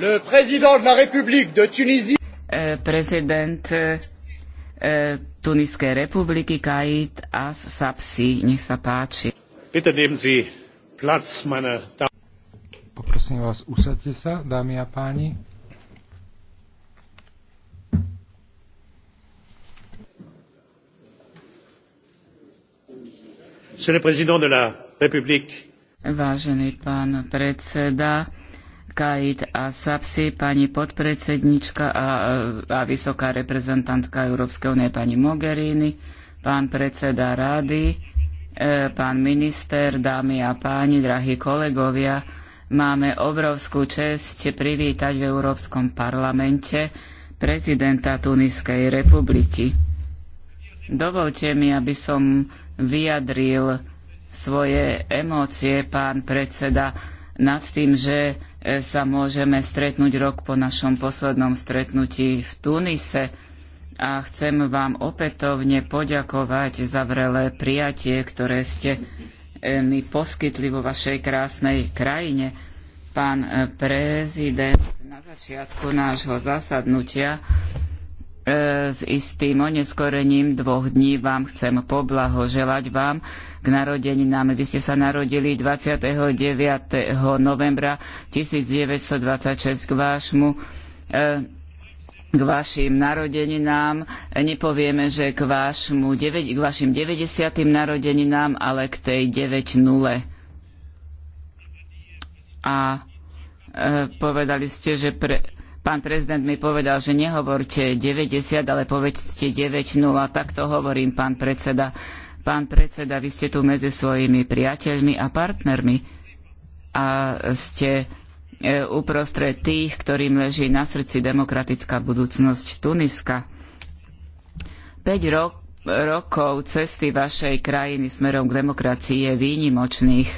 Le président de la République de Tunisie. Eh, prezident eh, eh, Tuniskej republiky Kaid As Sapsi. Nech sa páči. Bitte nehmen Sie Platz, meine Damen. Poprosím vás, usadte sa, dámy a páni. Monsieur le Président de la République. Vážený pán predseda Kaid a Sapsi, pani podpredsednička a, a vysoká reprezentantka Európskej únie pani Mogherini, pán predseda rady, e, pán minister, dámy a páni, drahí kolegovia. Máme obrovskú čest privítať v Európskom parlamente prezidenta Tuniskej republiky. Dovolte mi, aby som vyjadril svoje emócie, pán predseda, nad tým, že E, sa môžeme stretnúť rok po našom poslednom stretnutí v Tunise a chcem vám opätovne poďakovať za vrelé prijatie, ktoré ste e, mi poskytli vo vašej krásnej krajine. Pán e, prezident, na začiatku nášho zasadnutia E, s istým oneskorením dvoch dní vám chcem poblahoželať vám k narodeninám. Vy ste sa narodili 29. novembra 1926 k vášmu e, k vašim narodeninám. Nepovieme, že k, vášmu, k vašim 90. narodeninám, ale k tej 9.0. A e, povedali ste, že pre, Pán prezident mi povedal, že nehovorte 90, ale povedzte 90. Tak to hovorím, pán predseda. Pán predseda, vy ste tu medzi svojimi priateľmi a partnermi a ste e, uprostred tých, ktorým leží na srdci demokratická budúcnosť Tuniska. 5 rok, rokov cesty vašej krajiny smerom k demokracii je výnimočných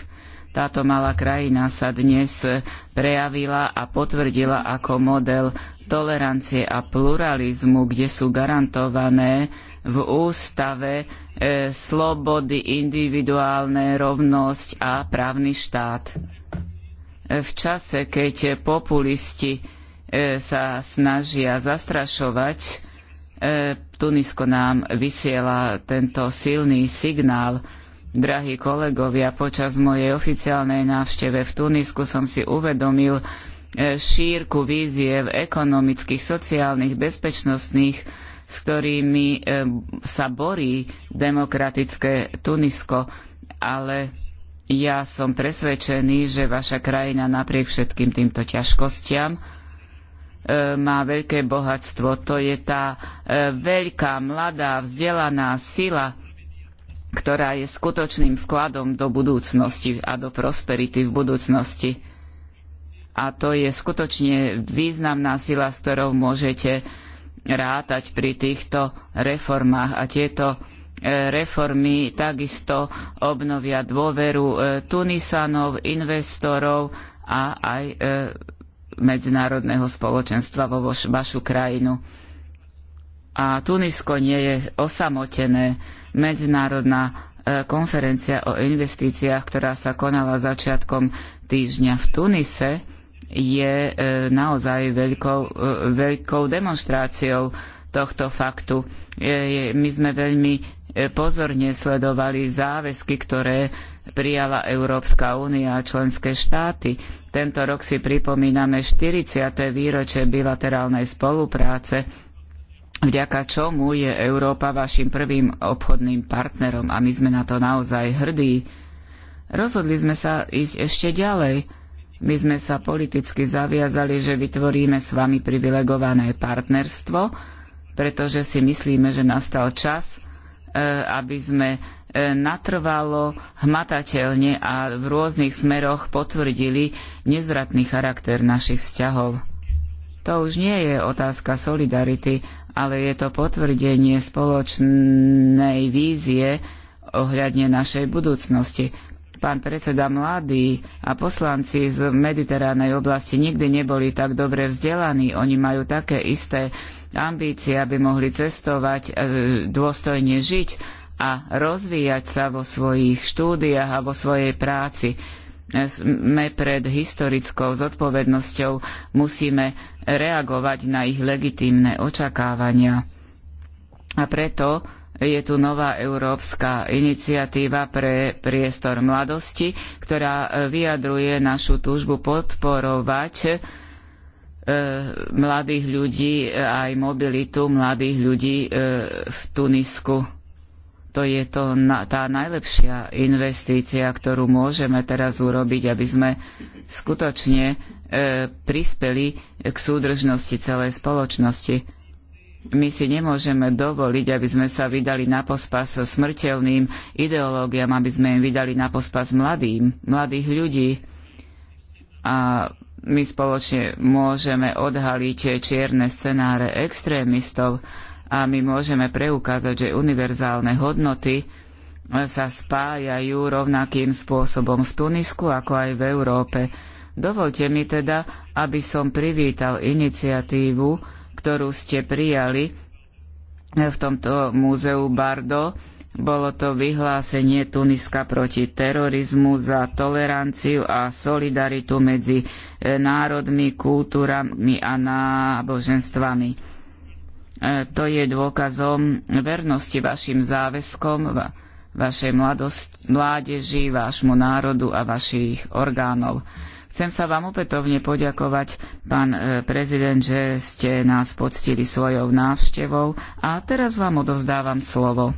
táto malá krajina sa dnes prejavila a potvrdila ako model tolerancie a pluralizmu, kde sú garantované v ústave e, slobody individuálne, rovnosť a právny štát. E, v čase, keď populisti e, sa snažia zastrašovať, e, Tunisko nám vysiela tento silný signál. Drahí kolegovia, počas mojej oficiálnej návšteve v Tunisku som si uvedomil e, šírku v ekonomických, sociálnych, bezpečnostných, s ktorými e, sa borí demokratické Tunisko. Ale ja som presvedčený, že vaša krajina napriek všetkým týmto ťažkostiam e, má veľké bohatstvo. To je tá veľká, mladá, vzdelaná sila, ktorá je skutočným vkladom do budúcnosti a do prosperity v budúcnosti. A to je skutočne významná sila, s ktorou môžete rátať pri týchto reformách. A tieto e, reformy takisto obnovia dôveru e, Tunisanov, investorov a aj e, medzinárodného spoločenstva vo vašu krajinu. A Tunisko nie je osamotené medzinárodná e, konferencia o investíciách, ktorá sa konala začiatkom týždňa v Tunise, je e, naozaj veľkou, e, veľkou demonštráciou tohto faktu. My sme veľmi pozorne sledovali záväzky, ktoré prijala Európska únia a členské štáty. Tento rok si pripomíname 40. výročie bilaterálnej spolupráce vďaka čomu je Európa vašim prvým obchodným partnerom a my sme na to naozaj hrdí. Rozhodli sme sa ísť ešte ďalej. My sme sa politicky zaviazali, že vytvoríme s vami privilegované partnerstvo, pretože si myslíme, že nastal čas, e, aby sme e, natrvalo, hmatateľne a v rôznych smeroch potvrdili nezvratný charakter našich vzťahov. To už nie je otázka solidarity, ale je to potvrdenie spoločnej vízie ohľadne našej budúcnosti. Pán predseda, mladí a poslanci z mediteránnej oblasti nikdy neboli tak dobre vzdelaní. Oni majú také isté ambície, aby mohli cestovať, e, dôstojne žiť a rozvíjať sa vo svojich štúdiách a vo svojej práci sme pred historickou zodpovednosťou, musíme reagovať na ich legitímne očakávania. A preto je tu nová európska iniciatíva pre priestor mladosti, ktorá vyjadruje našu túžbu podporovať e, mladých ľudí, aj mobilitu mladých ľudí e, v Tunisku to je to, tá najlepšia investícia, ktorú môžeme teraz urobiť, aby sme skutočne e, prispeli k súdržnosti celej spoločnosti. My si nemôžeme dovoliť, aby sme sa vydali na pospas smrteľným ideológiám, aby sme im vydali na pospas mladým, mladých ľudí. A my spoločne môžeme odhaliť e, čierne scenáre extrémistov, a my môžeme preukázať, že univerzálne hodnoty e, sa spájajú rovnakým spôsobom v Tunisku ako aj v Európe. Dovolte mi teda, aby som privítal iniciatívu, ktorú ste prijali e, v tomto múzeu Bardo. Bolo to vyhlásenie Tuniska proti terorizmu za toleranciu a solidaritu medzi e, národmi, kultúrami a náboženstvami. E, to je dôkazom vernosti vašim záväzkom, vašej mládeži, vášmu národu a vašich orgánov. Chcem sa vám opätovne poďakovať, pán e, prezident, že ste nás poctili svojou návštevou a teraz vám odovzdávam slovo.